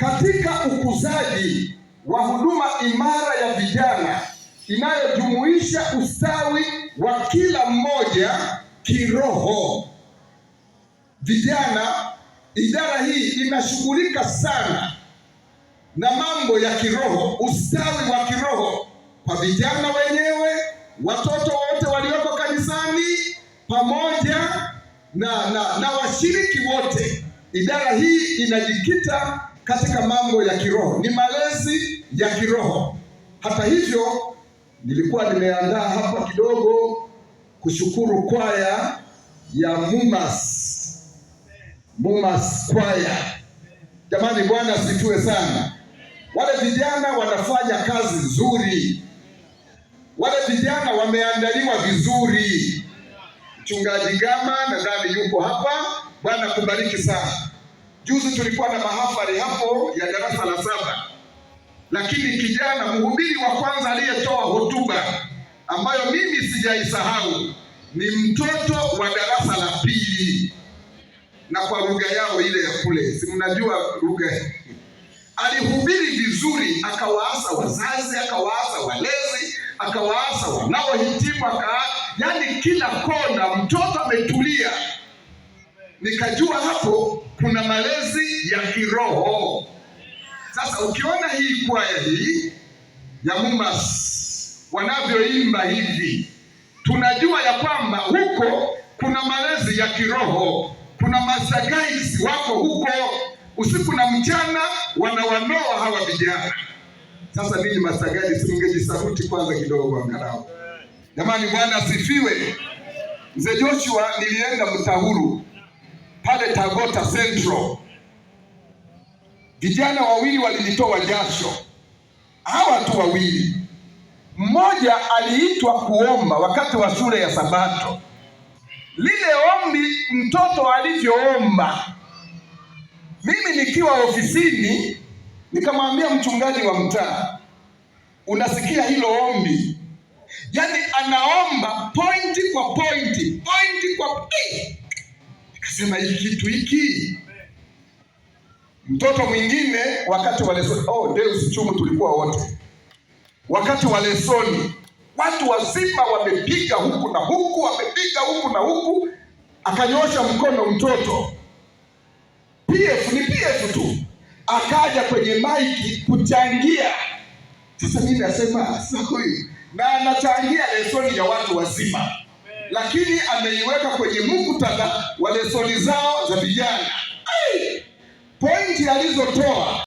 katika ukuzaji wa huduma imara ya vijana inayojumuisha ustawi wa kila mmoja kiroho. Vijana, idara hii inashughulika sana na mambo ya kiroho, ustawi wa kiroho kwa vijana wenyewe, watoto wote walioko kanisani, pamoja na, na, na washiriki wote. Idara hii inajikita katika mambo ya kiroho, ni malezi ya kiroho. Hata hivyo, nilikuwa nimeandaa hapa kidogo kushukuru kwaya ya Mumas Mumas kwaya. Jamani, Bwana situe sana. Wale vijana wanafanya kazi nzuri, wale vijana wameandaliwa vizuri. Mchungaji Gama nadhani yuko hapa. Bwana kubariki sana. Juzi tulikuwa na mahafali hapo ya darasa la saba, lakini kijana mhubiri wa kwanza aliyetoa hotuba ambayo mimi sijaisahau ni mtoto wa darasa la pili, na kwa lugha yao ile ya kule, si mnajua lugha. Alihubiri vizuri, akawaasa wazazi, akawaasa walezi, akawaasa wanaohitimu, aka yani kila kona mtoto ametulia, nikajua hapo kuna malezi ya kiroho. Sasa ukiona hii kwaya hii ya Mumas wanavyoimba hivi, tunajua ya kwamba huko kuna malezi ya kiroho, kuna masagaisi wako huko usiku na mchana wanawanoa hawa vijana. Sasa ninyi masagaisi, simngejisauti kwanza kidogo angalau. Jamani, Bwana asifiwe. Mzee Joshua, nilienda Mtahuru pale Tagota Central, vijana wawili walijitoa jasho. Hawa tu wawili, mmoja aliitwa kuomba wakati wa shule ya Sabato. Lile ombi mtoto alivyoomba, mimi nikiwa ofisini nikamwambia mchungaji wa mtaa, unasikia hilo ombi? Yaani anaomba pointi kwa pointi, pointi kwa pointi akasema hiki kitu hiki. Mtoto mwingine wakati wa lesoni, oh, Deus Chumu, tulikuwa wote wakati wa lesoni, watu wazima wamepiga huku na huku, wamepiga huku na huku, akanyosha mkono mtoto, PF ni PF tu, akaja kwenye maiki kuchangia. Sasa mimi nasema sasa huyu na anachangia lesoni ya watu wazima lakini ameiweka kwenye muktadha wa lesoni zao za vijana. Pointi alizotoa